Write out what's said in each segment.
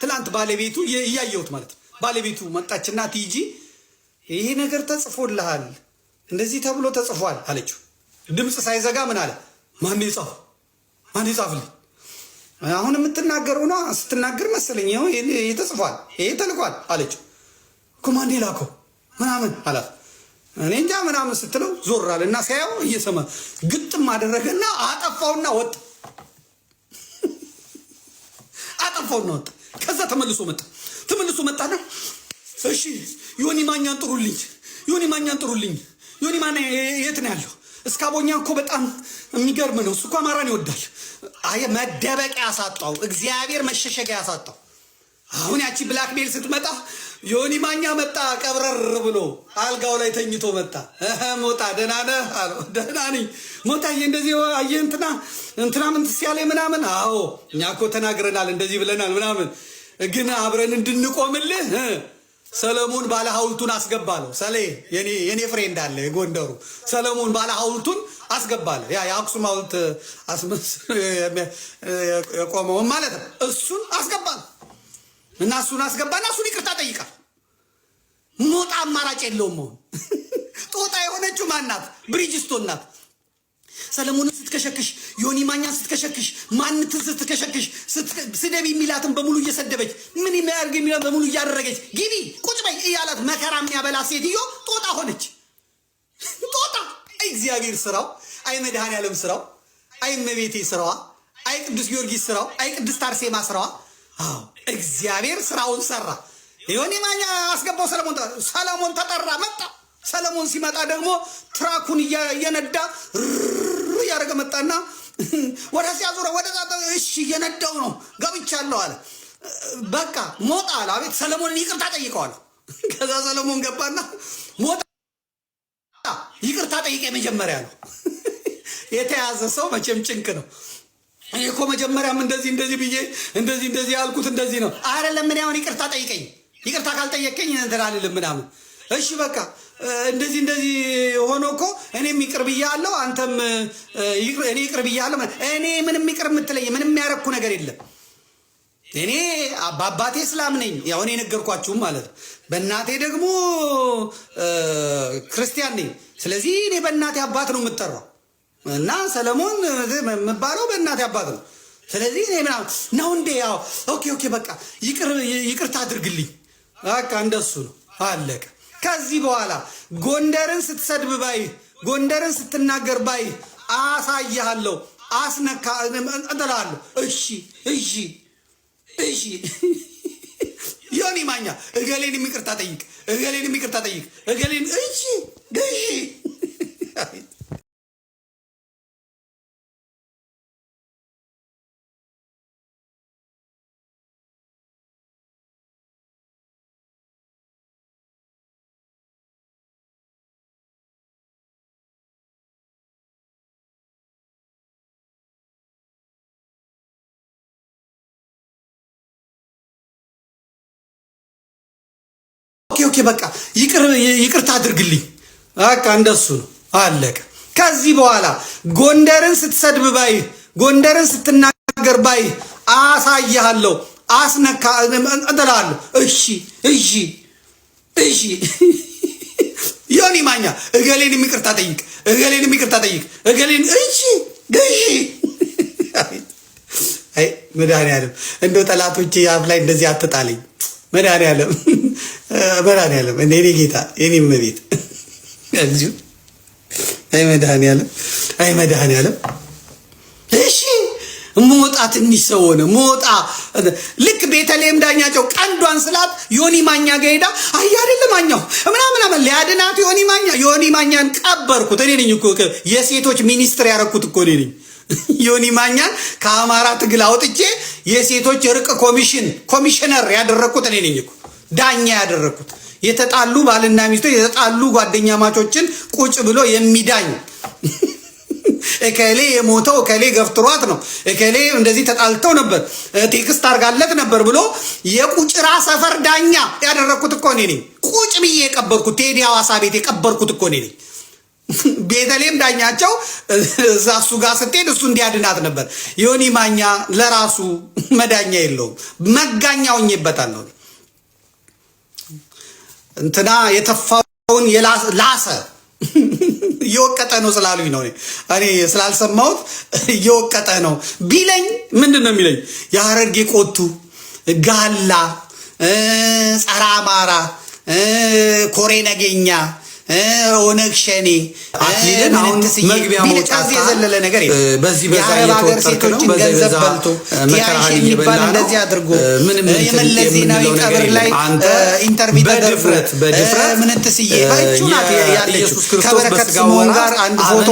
ትላንት ባለቤቱ እያየሁት ማለት ነው። ባለቤቱ መጣችና ቲጂ ይሄ ነገር ተጽፎልሃል፣ እንደዚህ ተብሎ ተጽፏል አለችው። ድምፅ ሳይዘጋ ምን አለ? ማን ጻፍ ማን ጻፍልኝ? አሁን የምትናገረው ነ ስትናገር መሰለኝ ይኸው ይሄ ተጽፏል፣ ይሄ ተልኳል አለችው። ኮማንዴ ላከው ምናምን አላት። እኔ እንጃ ምናምን ስትለው ዞር አለ እና ሲያየው እየሰማ ግጥም አደረገና አጠፋውና ወጥ አጠፋውና ወጥ ከዛ ተመልሶ መጣ። ተመልሶ መጣና እሺ ዮኒ ማኛን ጥሩልኝ፣ ዮኒ ማኛን ጥሩልኝ፣ ዮኒ ማኛ የት ነው ያለው? እስካቦኛ እኮ በጣም የሚገርም ነው። እሱ እኮ አማራን ይወዳል። አየ መደበቂያ ያሳጣው እግዚአብሔር መሸሸጊያ ያሳጣው። አሁን ያቺ ብላክሜል ስትመጣ ዮኒ ማኛ መጣ፣ ቀብረር ብሎ አልጋው ላይ ተኝቶ መጣ። ሞጣ ደህና ነህ አለው። ደህና ነኝ ሞጣ። እንደዚህ አየህ እንትና እንትና ምን ትስያለህ ምናምን። አዎ እኛ እኮ ተናግረናል እንደዚህ ብለናል ምናምን ግን አብረን እንድንቆምልህ ሰለሞን ባለሀውልቱን አስገባለሁ። ሰሌ የኔ ፍሬ አለ የጎንደሩ ሰለሞን ባለሀውልቱን አስገባለሁ። ያ የአክሱም ሐውልት የቆመውን ማለት ነው። እሱን አስገባለሁ እና እሱን አስገባና እሱን ይቅርታ ጠይቃል። ሞጣ አማራጭ የለውም መሆን ጦጣ የሆነችው ማናት? ብሪጅስቶን ናት። ሰለሞንን ስትከሸክሽ፣ ዮኒ ማኛን ስትከሸክሽ፣ ማንትን ስትከሸክሽ፣ ስደብ የሚላትን በሙሉ እየሰደበች ምን የሚያደርግ የሚለ በሙሉ እያደረገች ግቢ ቁጭ በይ እያላት መከራ የሚያበላ ሴትዮ ጦጣ ሆነች። ጦጣ እግዚአብሔር ስራው፣ አይ መድኃኔ ዓለም ስራው፣ አይ መቤቴ ስራዋ፣ አይ ቅዱስ ጊዮርጊስ ስራው፣ አይ ቅድስት አርሴማ ስራዋ። አዎ እግዚአብሔር ስራውን ሰራ። ዮኒ ማኛ አስገባው ሰለሞን ሰለሞን ተጠራ መጣ። ሰለሞን ሲመጣ ደግሞ ትራኩን እየነዳ እያደረገ መጣና ወደ ያዙረ ወደ እሺ እየነዳው ነው ገብቻለሁ አለ። በቃ ሞጣ አለ። አቤት ሰለሞንን ይቅርታ ጠይቀዋል። ከዛ ሰለሞን ገባና ሞጣ ይቅርታ ጠይቀ መጀመሪያ ነው። የተያዘ ሰው መቼም ጭንቅ ነው። እኔ እኮ መጀመሪያም እንደዚህ እንደዚህ ብዬ እንደዚህ እንደዚህ ያልኩት እንደዚህ ነው አረ ለምን ያሁን ይቅርታ ጠይቀኝ፣ ይቅርታ ካልጠየቀኝ እንትን አልልም ምናምን። እሺ በቃ እንደዚህ እንደዚህ ሆኖ እኮ እኔም ይቅር ብያለሁ፣ አንተም እኔ ይቅር ብያለሁ። እኔ ምንም ይቅር የምትለኝ ምንም የሚያረኩ ነገር የለም። እኔ በአባቴ እስላም ነኝ፣ ያው እኔ የነገርኳችሁም ማለት ነው። በእናቴ ደግሞ ክርስቲያን ነኝ። ስለዚህ እኔ በእናቴ አባት ነው የምጠራው እና ሰለሞን የምባለው በእናቴ አባት ነው። ስለዚህ እኔ ምናምን ነው እንዴ? ያው ኦኬ ኦኬ፣ በቃ ይቅርታ አድርግልኝ፣ በቃ እንደሱ ነው አለቀ። ከዚህ በኋላ ጎንደርን ስትሰድብ ባይ፣ ጎንደርን ስትናገር ባይ አሳያለሁ፣ አስነካ እጥላለሁ። እሺ እሺ እሺ። ዮኒ ማኛ እገሌን ይቅርታ ጠይቅ፣ እገሌን ይቅርታ ጠይቅ፣ እገሌን እሺ እሺ ኦኬ ኦኬ፣ በቃ ይቅርታ አድርግልኝ፣ በቃ እንደሱ ነው፣ አለቀ። ከዚህ በኋላ ጎንደርን ስትሰድብ ባይ፣ ጎንደርን ስትናገር ባይ፣ አሳያለሁ፣ አስነካ እጥላለሁ። እሺ እሺ እሺ። ዮኒ ማኛ እገሌን ይቅርታ ጠይቅ፣ እገሌን ይቅርታ ጠይቅ፣ እገሌን እሺ እሺ መድኃኒዓለም እንደው ጠላቶቼ አፍ ላይ እንደዚህ አትጣለኝ። መድኃኒዓለም መድኃኒዓለም እንደ እኔ ጌታ የኔ መቤት እግዚኦ አይ መድኃኒዓለም አይ መድኃኒዓለም እሺ ሞጣ ትንሽ ሰው ሆነ ሞጣ ልክ ቤተልሔም ዳኛቸው ቀንዷን ስላት ዮኒ ማኛ ጋር ሄዳ አያ አይደለም ማኛው ምናምን አመል ሊያድናት ዮኒ ማኛ ዮኒ ማኛን ቀበርኩት እኔ ነኝ እኮ የሴቶች ሚኒስትር ያረኩት እኮ እኔ ነኝ ዮኒ ማኛን ከአማራ ትግል አውጥቼ የሴቶች እርቅ ኮሚሽን ኮሚሽነር ያደረግኩት እኔ ነኝ እኮ ዳኛ ያደረግኩት የተጣሉ ባልና ሚስቶች የተጣሉ ጓደኛ ማቾችን ቁጭ ብሎ የሚዳኝ እከሌ የሞተው እከሌ ገፍትሯት ነው እከሌ እንደዚህ ተጣልተው ነበር ቴክስት አርጋለት ነበር ብሎ የቁጭራ ሰፈር ዳኛ ያደረግኩት እኮ እኔ ነኝ። ቁጭ ብዬ የቀበርኩት ቴዲ ሐዋሳ ቤት የቀበርኩት እኮ እኔ ነኝ። ቤተልሔም ዳኛቸው እዛ እሱ ጋር ስትሄድ እሱ እንዲያድናት ነበር። ዮኒ ማኛ ለራሱ መዳኛ የለውም። መጋኛ ሆኜበታለሁ። እንትና የተፋውን ላሰ እየወቀጠ ነው ስላሉኝ ነው። እኔ ስላልሰማሁት እየወቀጠ ነው ቢለኝ ምንድን ነው የሚለኝ? የሀረርጌ ቆቱ ጋላ ጸረ አማራ ኮሬ ነገኛ ኦነግ ሸኔ አክሊልን አሁን መግቢያ መውጣት የዘለለ ነገር በዚህ በዛ ገንዘብ በልቶ የመለስ ዜናዊ ቀብር ላይ በድፍረት ምንትስዬ ያለችው ከበረከት ጋር አንድ ፎቶ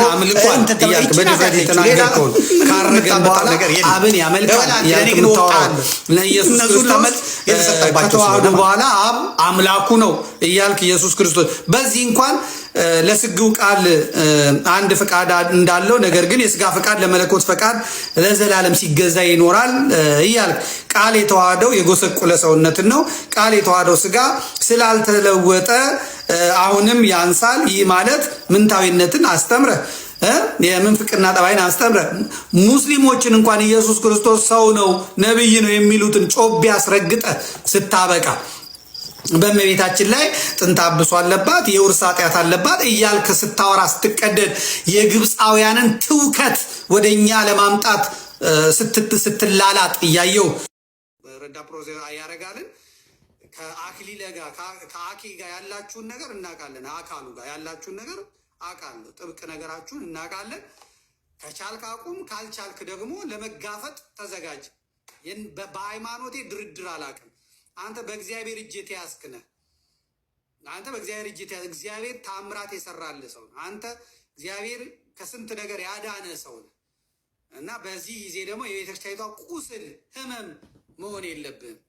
በኋላ አብን ያመልካል ለኢየሱስ ክርስቶስ በኋላ አብ አምላኩ ነው እያልክ ኢየሱስ ክርስቶስ በዚህ እንኳን ለስግው ቃል አንድ ፈቃድ እንዳለው ነገር ግን የስጋ ፈቃድ ለመለኮት ፈቃድ ለዘላለም ሲገዛ ይኖራል እያል ቃል የተዋህደው የጎሰቁለ ሰውነትን ነው። ቃል የተዋህደው ስጋ ስላልተለወጠ አሁንም ያንሳል። ይህ ማለት ምንታዊነትን አስተምረ የምንፍቅና ጠባይን አስተምረ ሙስሊሞችን እንኳን ኢየሱስ ክርስቶስ ሰው ነው ነቢይ ነው የሚሉትን ጮቤ አስረግጠ ስታበቃ በእመቤታችን ላይ ጥንተ አብሶ አለባት፣ የውርስ ኃጢአት አለባት እያልክ ስታወራ ስትቀደድ የግብፃውያንን ትውከት ወደ እኛ ለማምጣት ስትላላጥ እያየው ረዳ ፕሮ ያረጋልን ከአክሊለ ጋር ከአኪ ጋር ያላችሁን ነገር እናውቃለን። አካሉ ጋር ያላችሁን ነገር አውቃለሁ። ጥብቅ ነገራችሁን እናውቃለን። ከቻልክ አቁም፣ ካልቻልክ ደግሞ ለመጋፈጥ ተዘጋጅ። በሃይማኖቴ ድርድር አላውቅም። አንተ በእግዚአብሔር እጅ የተያዝክ ነህ። አንተ በእግዚአብሔር እጅ የተያዝክ፣ እግዚአብሔር ታምራት የሰራልህ ሰው ነህ። አንተ እግዚአብሔር ከስንት ነገር ያዳነ ሰው ነህ እና በዚህ ጊዜ ደግሞ የቤተክርስቲያኒቷ ቁስል ህመም መሆን የለብህም።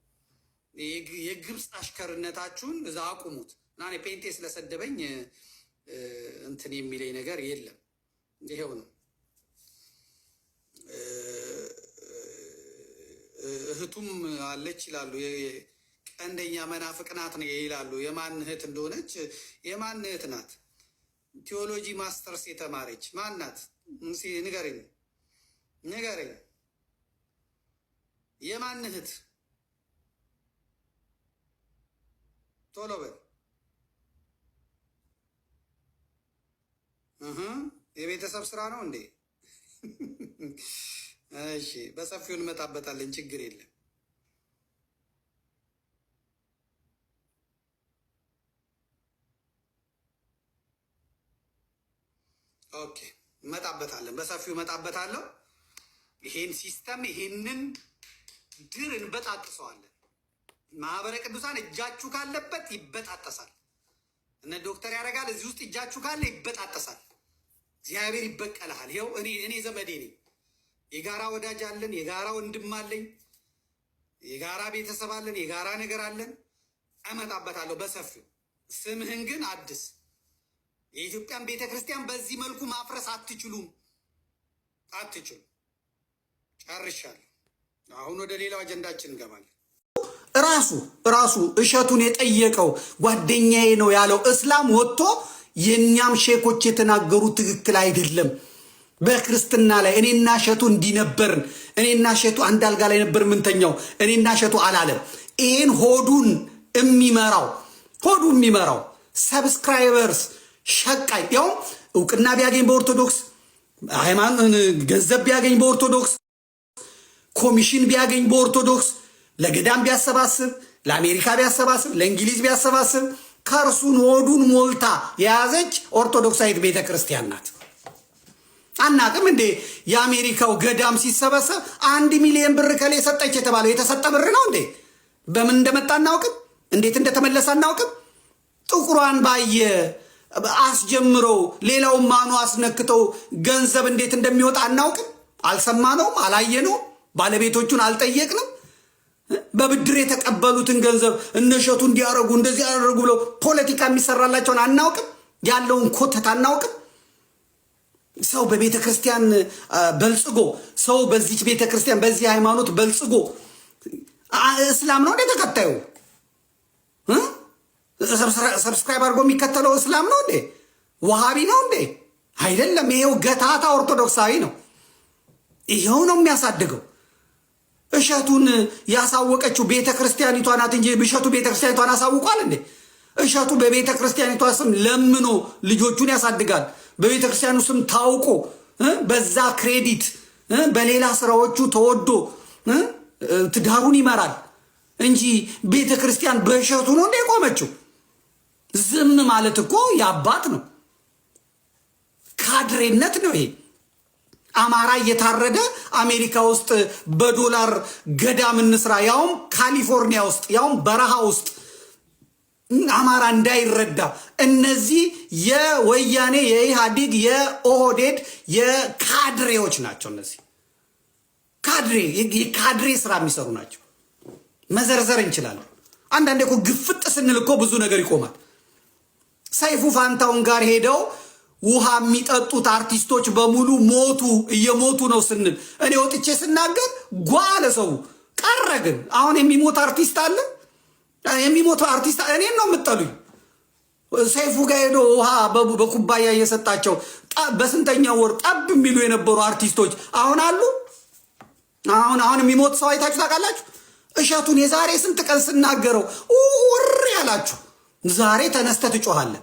የግብፅ አሽከርነታችሁን እዛ አቁሙት እና ፔንቴ ስለሰደበኝ እንትን የሚለኝ ነገር የለም። ይሄው ነው። እህቱም አለች ይላሉ ቀንደኛ መናፍቅ ናት ነው ይላሉ። የማን እህት እንደሆነች የማን እህት ናት? ቴዎሎጂ ማስተርስ የተማረች ማን ናት? ንገረኝ፣ ንገረኝ። የማን እህት ቶሎ በል። የቤተሰብ ስራ ነው እንዴ? እሺ፣ በሰፊው እንመጣበታለን። ችግር የለም። ኦኬ እመጣበታለን፣ በሰፊው እመጣበታለሁ። ይሄን ሲስተም ይሄንን ድር እንበጣጥሰዋለን። ማህበረ ቅዱሳን እጃችሁ ካለበት ይበጣጠሳል። እነ ዶክተር ያደርጋል እዚህ ውስጥ እጃችሁ ካለ ይበጣጠሳል። እግዚአብሔር ይበቀልሃል። ይኸው እኔ እኔ ዘመዴ ነኝ። የጋራ ወዳጅ አለን፣ የጋራ ወንድም አለኝ፣ የጋራ ቤተሰብ አለን፣ የጋራ ነገር አለን። እመጣበታለሁ በሰፊው ስምህን ግን አድስ የኢትዮጵያን ቤተ ክርስቲያን በዚህ መልኩ ማፍረስ አትችሉም፣ አትችሉም። ጨርሻለሁ። አሁን ወደ ሌላው አጀንዳችን እንገባለን። ራሱ ራሱ እሸቱን የጠየቀው ጓደኛዬ ነው ያለው እስላም ወጥቶ የእኛም ሼኮች የተናገሩ ትክክል አይደለም በክርስትና ላይ እኔና እሸቱ እንዲነበርን እኔና እሸቱ አንድ አልጋ ላይ ነበር ምንተኛው እኔና እሸቱ አላለም። ይህን ሆዱን የሚመራው ሆዱ የሚመራው ሰብስክራይበርስ ሸቃይ ያውም እውቅና ቢያገኝ በኦርቶዶክስ ገንዘብ ቢያገኝ በኦርቶዶክስ ኮሚሽን ቢያገኝ በኦርቶዶክስ ለገዳም ቢያሰባስብ ለአሜሪካ ቢያሰባስብ ለእንግሊዝ ቢያሰባስብ ከእርሱን ወዱን ሞልታ የያዘች ኦርቶዶክሳዊት ቤተ ክርስቲያን ናት። አናቅም እንዴ? የአሜሪካው ገዳም ሲሰበሰብ አንድ ሚሊዮን ብር ከላይ ሰጠች የተባለው የተሰጠ ብር ነው እንዴ? በምን እንደመጣ አናውቅም። እንዴት እንደተመለሰ አናውቅም። ጥቁሯን ባየ አስጀምረው ሌላውን ማኑ አስነክተው ገንዘብ እንዴት እንደሚወጣ አናውቅም። አልሰማነውም፣ አላየነውም፣ ባለቤቶቹን አልጠየቅንም። በብድር የተቀበሉትን ገንዘብ እነሸቱ እንዲያደርጉ እንደዚህ ያደረጉ ብለው ፖለቲካ የሚሰራላቸውን አናውቅም። ያለውን ኮተት አናውቅም። ሰው በቤተ ክርስቲያን በልጽጎ ሰው በዚች ቤተ ክርስቲያን በዚህ ሃይማኖት በልጽጎ እስላም ነው እንደ ተከታዩ ሰብስክራይብ አድርጎ የሚከተለው እስላም ነው እንዴ? ውሃቢ ነው እንዴ? አይደለም። ይሄው ገታታ ኦርቶዶክሳዊ ነው። ይኸው ነው የሚያሳድገው። እሸቱን ያሳወቀችው ቤተ ክርስቲያኒቷ ናት እንጂ እሸቱ ቤተ ክርስቲያኒቷን አሳውቋል እንዴ? እሸቱ በቤተ ክርስቲያኒቷ ስም ለምኖ ልጆቹን ያሳድጋል። በቤተ ክርስቲያኑ ስም ታውቆ በዛ ክሬዲት በሌላ ስራዎቹ ተወዶ ትዳሩን ይመራል እንጂ ቤተ ክርስቲያን በእሸቱ ነው እንደ ቆመችው። ዝም ማለት እኮ የአባት ነው፣ ካድሬነት ነው ይሄ። አማራ እየታረደ አሜሪካ ውስጥ በዶላር ገዳም እንስራ፣ ያውም ካሊፎርኒያ ውስጥ ያውም በረሃ ውስጥ አማራ እንዳይረዳ እነዚህ የወያኔ የኢህአዲግ የኦህዴድ የካድሬዎች ናቸው። እነዚህ ካድሬ የካድሬ ስራ የሚሰሩ ናቸው። መዘርዘር እንችላለን። አንዳንዴ እኮ ግፍጥ ስንል እኮ ብዙ ነገር ይቆማል። ሰይፉ ፋንታውን ጋር ሄደው ውሃ የሚጠጡት አርቲስቶች በሙሉ ሞቱ፣ እየሞቱ ነው ስንል እኔ ወጥቼ ስናገር ጓ ሰው ቀረ። ግን አሁን የሚሞት አርቲስት አለ? የሚሞት አርቲስት እኔን ነው የምጠሉኝ? ሰይፉ ጋር ሄዶ ውሃ በኩባያ እየሰጣቸው በስንተኛው ወር ጠብ የሚሉ የነበሩ አርቲስቶች አሁን አሉ? አሁን አሁን የሚሞት ሰው አይታችሁ ታውቃላችሁ? እሸቱን የዛሬ ስንት ቀን ስናገረው ውር ያላችሁ ዛሬ ተነስተ ትጮኻለህ።